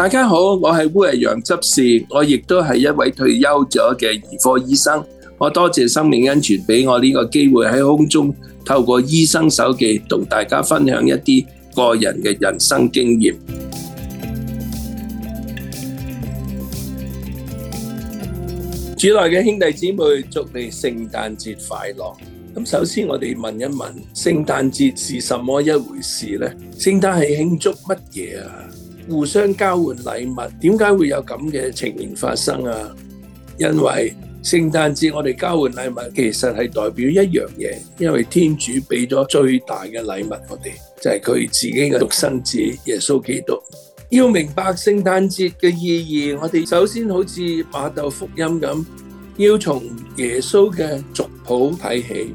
大家好，我係烏日陽執事，我亦都係一位退休咗嘅兒科醫生。我多謝生命恩泉俾我呢個機會喺空中透過醫生手記同大家分享一啲個人嘅人生經驗。主內嘅兄弟姊妹，祝你聖誕節快樂。咁首先我哋問一問，聖誕節是什麼一回事呢？聖誕係慶祝乜嘢啊？互相交換禮物，點解會有咁嘅情形發生啊？因為聖誕節我哋交換禮物，其實係代表一樣嘢，因為天主俾咗最大嘅禮物，我哋就係佢自己嘅獨生子耶穌基督。要明白聖誕節嘅意義，我哋首先好似馬竇福音咁，要從耶穌嘅族譜睇起。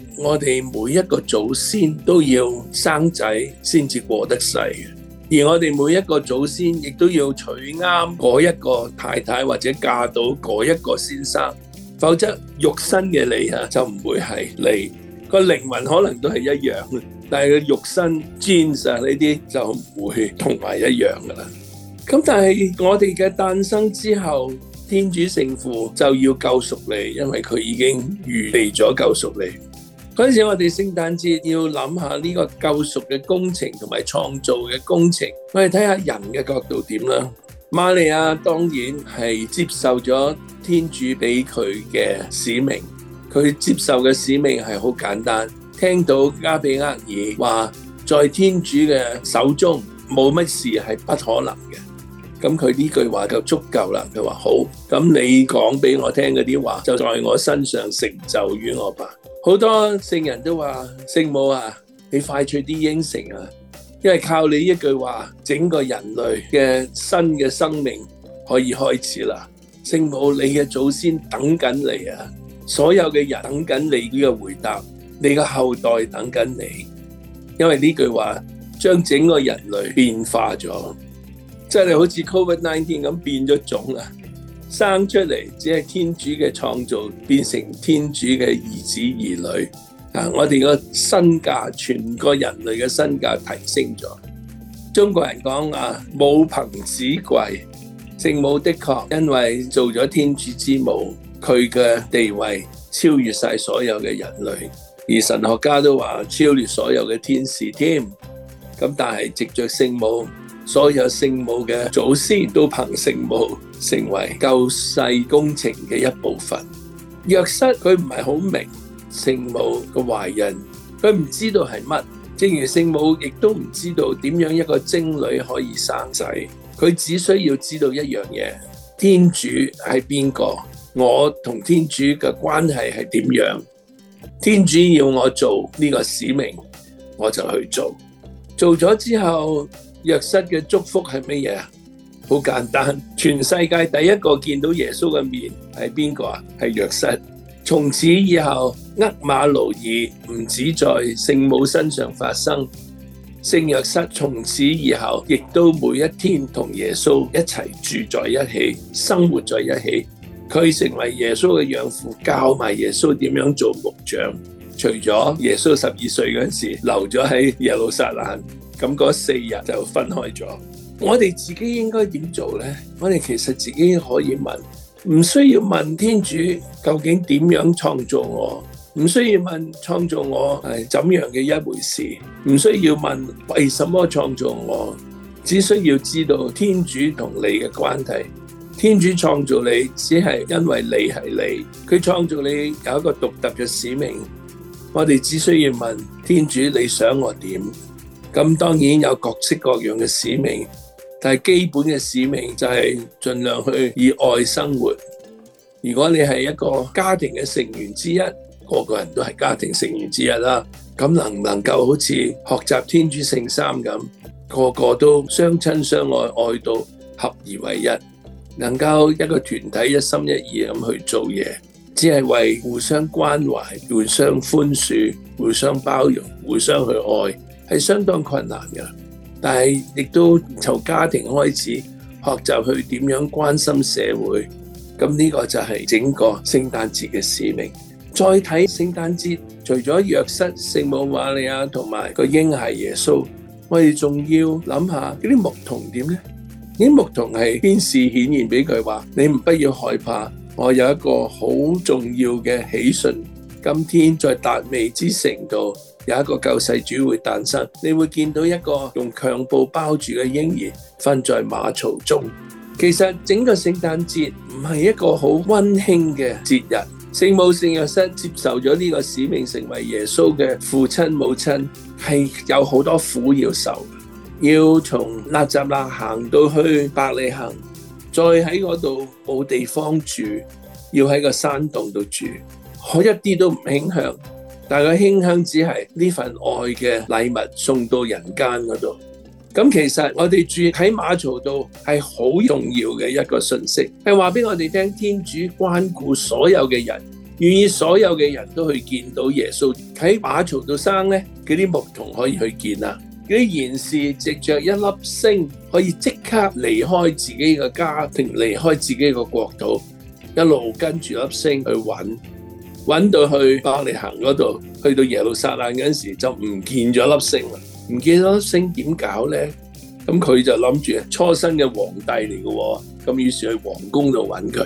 我哋每一個祖先都要生仔先至過得世，而我哋每一個祖先亦都要娶啱嗰一個太太，或者嫁到嗰一個先生，否則肉身嘅你啊，就唔會係你，個靈魂可能都係一樣，但係個肉身、genes 呢啲就唔會同埋一樣噶啦。咁但係我哋嘅誕生之後，天主聖父就要救贖你，因為佢已經預備咗救贖你。嗰陣時，我哋聖誕節要諗下呢個救贖嘅工程同埋創造嘅工程。我哋睇下人嘅角度點啦。瑪利亞當然係接受咗天主俾佢嘅使命。佢接受嘅使命係好簡單，聽到加比厄爾話，在天主嘅手中冇乜事係不可能嘅。咁佢呢句話就足夠啦。佢話好，咁你講俾我聽嗰啲話，就在我身上成就於我吧。好多聖人都話聖母啊，你快脆啲應承啊，因為靠你一句話，整個人類嘅新嘅生命可以開始啦。聖母，你嘅祖先等緊你啊，所有嘅人等緊你呢個回答，你嘅後代等緊你，因為呢句話將整個人類變化咗，真係好似 Covid 19咁變咗種啊！生出嚟只係天主嘅創造，變成天主嘅兒子兒女。啊，我哋個身價，全個人類嘅身價提升咗。中國人講啊，母憑子貴，聖母的確因為做咗天主之母，佢嘅地位超越晒所有嘅人類，而神學家都話超越所有嘅天使添。咁但係藉著聖母，所有聖母嘅祖先都憑聖母，成為救世工程嘅一部分，若瑟佢唔係好明聖母嘅懷孕，佢唔知道係乜。正如聖母亦都唔知道點樣一個貞女，可以生仔，佢只需要知道一樣嘢：天主係邊個，我同天主嘅關係係點樣。天主要我做呢個使命，我就去做。做咗之後，若瑟嘅祝福係乜嘢啊？好簡單，全世界第一個見到耶穌嘅面係邊個啊？係約瑟，從此以後厄馬奴爾唔止在聖母身上發生，聖約瑟從此以後亦都每一天同耶穌一齊住在一起，生活在一起，佢成為耶穌嘅養父，教埋耶穌點樣做木匠。除咗耶穌十二歲嗰時留咗喺耶路撒冷，咁嗰四日就分開咗。我哋自己應該點做呢？我哋其實自己可以問，唔需要問天主究竟點樣創造我，唔需要問創造我係怎樣嘅一回事，唔需要問為什麼創造我，只需要知道天主同你嘅關係。天主創造你，只係因為你係你，佢創造你有一個獨特嘅使命。我哋只需要問天主你想我點？咁當然有各式各樣嘅使命。但基本嘅使命就係盡量去以愛生活。如果你係一個家庭嘅成員之一，個個人都係家庭成員之一啦，咁能唔能夠好似學習天主聖三咁，個個都相親相愛，愛到合而為一，能夠一個團體一心一意咁去做嘢，只係為互相關懷、互相寬恕、互相包容、互相去愛，係相當困難嘅。但係，亦都從家庭開始學習去點樣關心社會。咁呢個就係整個聖誕節嘅使命。再睇聖誕節，除咗約瑟、聖母瑪利亞同埋個嬰孩耶穌，我哋仲要諗下啲牧童點呢？啲牧童係天使顯現俾佢話：你唔不要害怕，我有一個好重要嘅喜訊，今天在達味之城度。有一個救世主會誕生，你會見到一個用襁褓包住嘅嬰兒瞓在馬槽中。其實整個聖誕節唔係一個好溫馨嘅節日。聖母聖若瑟接受咗呢個使命，成為耶穌嘅父親母親，係有好多苦要受，要從納匝肋行到去白冷，再喺嗰度冇地方住，要喺個山洞度住，我一啲都唔傾向但佢傾向只係呢份愛嘅禮物送到人間嗰度。咁其實我哋住喺馬槽度係好重要嘅一個信息，係話俾我哋聽天主關顧所有嘅人，願意所有嘅人都去見到耶穌喺馬槽度生呢，嗰啲牧童可以去見啊，嗰啲賢士藉着一粒星可以即刻離開自己嘅家庭，離開自己嘅國度，一路跟住粒星去揾。揾到去伯利恆嗰度，去到耶路撒冷嗰陣時就唔見咗粒星啦，唔見咗粒星點搞咧？咁佢就諗住初生嘅皇帝嚟嘅喎，咁於是去皇宮度揾佢，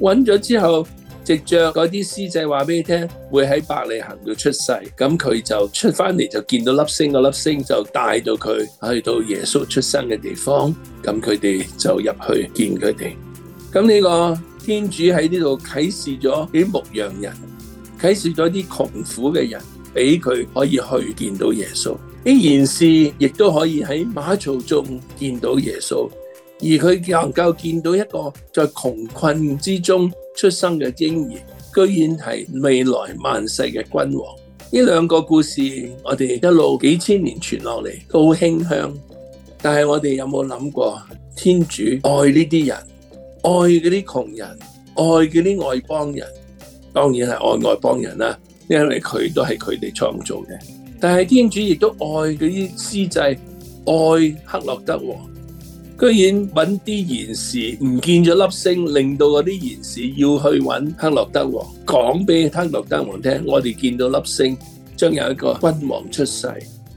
揾咗之後，直著嗰啲師仔話俾你聽，會喺伯利恆度出世，咁佢就出翻嚟就見到粒星，個粒星就帶到佢去到耶穌出生嘅地方，咁佢哋就入去見佢哋。咁呢個天主喺呢度啟示咗啲牧羊人。啟示咗啲窮苦嘅人，俾佢可以去見到耶穌，依然是亦都可以喺馬槽中見到耶穌，而佢能夠見到一個在窮困之中出生嘅嬰兒，居然係未來萬世嘅君王。呢兩個故事，我哋一路幾千年傳落嚟都好馨香。但係我哋有冇諗過，天主愛呢啲人，愛嗰啲窮人，愛嗰啲外邦人？當然係愛外邦人啦，因為佢都係佢哋創造嘅。但係天主亦都愛嗰啲司祭，愛克諾德王，居然揾啲賢士唔見咗粒星，令到嗰啲賢士要去揾克諾德王，講俾克諾德王聽：我哋見到粒星，將有一個君王出世。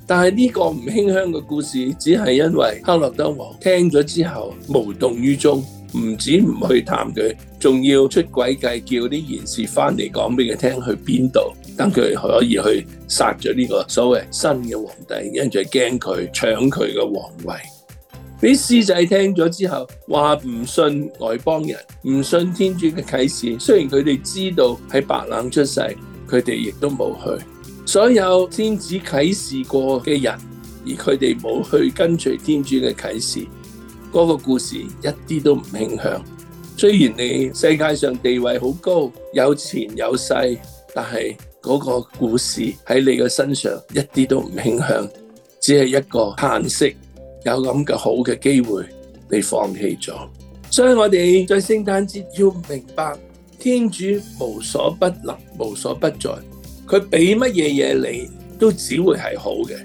但係呢個唔馨香嘅故事，只係因為克諾德王聽咗之後無動於衷。唔止唔去探佢，仲要出鬼計，叫啲賢士翻嚟講俾佢聽去邊度，等佢可以去殺咗呢個所謂新嘅皇帝。跟住驚佢搶佢嘅皇位，俾師仔聽咗之後話唔信外邦人，唔信天主嘅啟示。雖然佢哋知道喺白冷出世，佢哋亦都冇去。所有天子啟示過嘅人，而佢哋冇去跟隨天主嘅啟示。嗰個故事一啲都唔慶幸，雖然你世界上地位好高，有錢有勢，但係嗰個故事喺你嘅身上一啲都唔慶幸，只係一個嘆息。有咁嘅好嘅機會，你放棄咗。所以我哋在聖誕節要明白，天主無所不能、無所不在，佢俾乜嘢嘢你都只會係好嘅。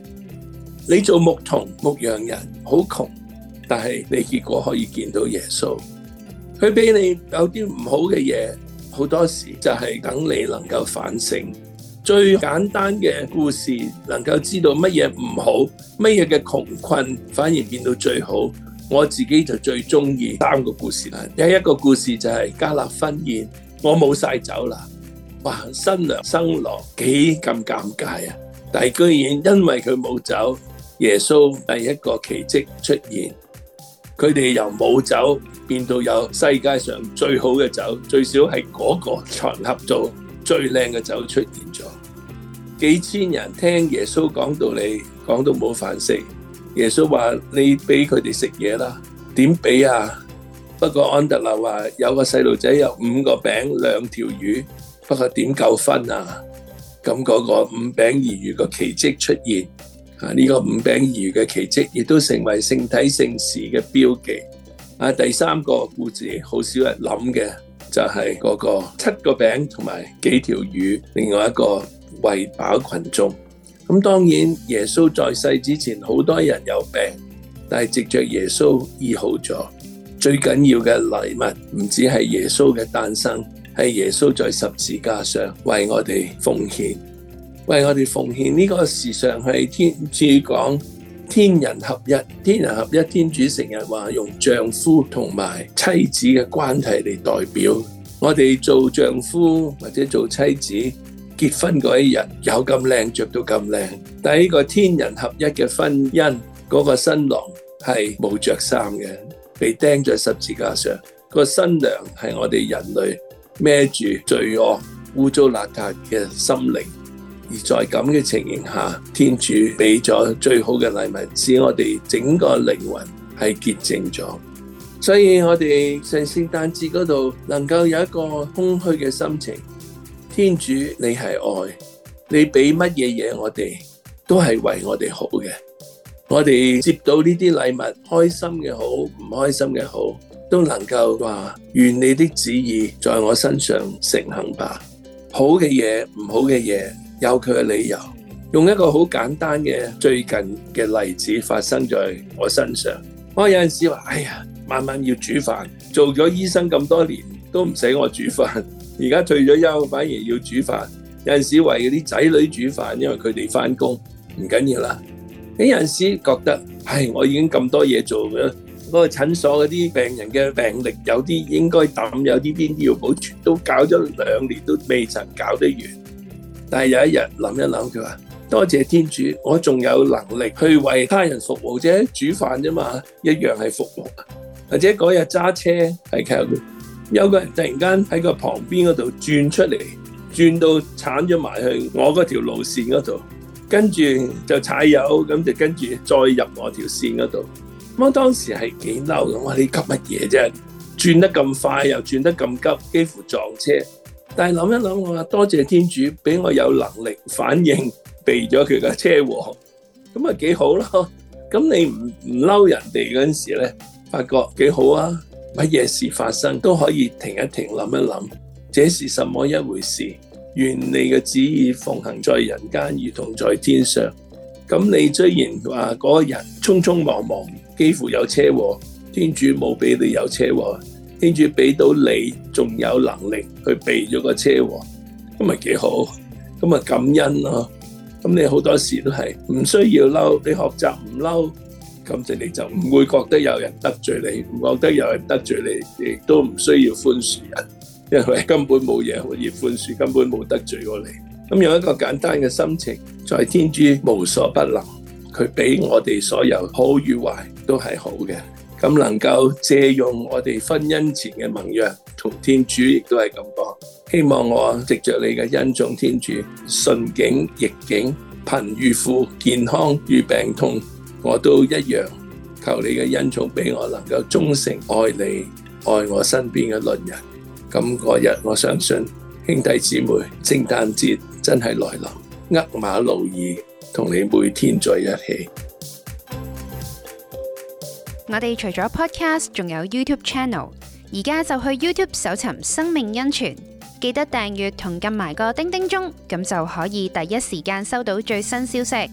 你做牧童、牧羊人，好窮。但係你結果可以見到耶穌，佢俾你有啲唔好嘅嘢，好多時就係等你能夠反省。最簡單嘅故事，能夠知道乜嘢唔好，乜嘢嘅窮困反而變到最好。我自己就最中意三個故事啦。第一個故事就係迦納婚宴，我冇晒酒啦，哇！新娘新郎幾咁尷尬啊！但居然因為佢冇酒，耶穌第一個奇蹟出現。佢哋由冇酒變到有世界上最好嘅酒，最少係嗰個場合做最靚嘅酒出現咗。幾千人聽耶穌講道理，講到冇飯食。耶穌話：你俾佢哋食嘢啦。點俾啊？不過安德肋話有個細路仔有五個餅兩條魚，不過點夠分啊？咁嗰個五餅二魚個奇蹟出現。啊！呢個五餅二魚嘅奇蹟，亦都成為聖體聖事嘅標記。啊，第三個故事好少人諗嘅，就係嗰個七個餅同埋幾條魚，另外一個餵飽群眾。咁當然，耶穌在世之前好多人有病，但係藉着耶穌醫好咗。最緊要嘅禮物唔止係耶穌嘅誕生，係耶穌在十字架上為我哋奉獻。為我哋奉獻呢個事上係天主講天人合一，天人合一，天主成日話用丈夫同埋妻子嘅關係嚟代表我哋做丈夫或者做妻子結婚嗰一日有咁靚着到咁靚，但係呢個天人合一嘅婚姻嗰個新郎係冇着衫嘅，被釘在十字架上；個新娘係我哋人類孭住罪惡、污糟邋遢嘅心靈。而在咁嘅情形下，天主俾咗最好嘅禮物，使我哋整個靈魂係潔淨咗。所以我哋聖聖誕節嗰度能夠有一個空虛嘅心情。天主，你係愛，你俾乜嘢嘢我哋都係為我哋好嘅。我哋接到呢啲禮物，開心嘅好，唔開心嘅好，都能夠話願你的旨意在我身上成行吧。好嘅嘢，唔好嘅嘢，有佢嘅理由，用一個好簡單嘅最近嘅例子發生在我身上。我有陣時話：哎呀，晚晚要煮飯，做咗醫生咁多年都唔使我煮飯，而家退咗休反而要煮飯。有陣時為嗰啲仔女煮飯，因為佢哋翻工唔緊要啦。有陣時覺得，唉、哎，我已經咁多嘢做嘅，嗰、那個診所嗰啲病人嘅病歷有啲應該抌，有啲邊啲要保存，都搞咗兩年都未曾搞得完。但係有一日諗一諗，佢話多謝天主，我仲有能力去為他人服務啫，煮飯啫嘛，一樣係服務。或者嗰日揸車係靠，有個人突然間喺個旁邊嗰度轉出嚟，轉到鏟咗埋去我嗰條路線嗰度，跟住就踩油，咁就跟住再入我條線嗰度。我當時係幾嬲嘅，我你急乜嘢啫？轉得咁快又轉得咁急，幾乎撞車。但諗一諗，我話多謝天主俾我有能力反應避咗佢嘅車禍，咁咪幾好咯。咁你唔唔嬲人哋嗰陣時咧，發覺幾好啊！乜嘢事發生都可以停一停，諗一諗，這是什麼一回事？願你嘅旨意奉行在人間，如同在天上。咁你雖然話嗰個人匆匆忙忙，幾乎有車禍，天主冇俾你有車禍。天主俾到你，仲有能力去避咗個車禍，咁咪幾好？咁咪感恩咯。咁你好多時都係唔需要嬲，你學習唔嬲，咁剩你就唔會覺得有人得罪你，唔覺得有人得罪你，亦都唔需要寬恕人，因為根本冇嘢可以寬恕，根本冇得罪過你。咁用一個簡單嘅心情，在天主無所不能，佢俾我哋所有好與壞都係好嘅。咁能夠借用我哋婚姻前嘅盟約，同天主亦都係咁講。希望我藉着你嘅恩寵，天主順境逆境、貧與富、健康與病痛，我都一樣求你嘅恩寵俾我，能夠忠誠愛你，愛我身邊嘅鄰人。咁嗰日我相信兄弟姊妹，聖誕節真係來臨，厄馬路爾同你每天在一起。我哋除咗 podcast，仲有 YouTube channel，而家就去 YouTube 搜尋《生命恩泉》，記得訂閱同撳埋個叮叮鐘，咁就可以第一時間收到最新消息。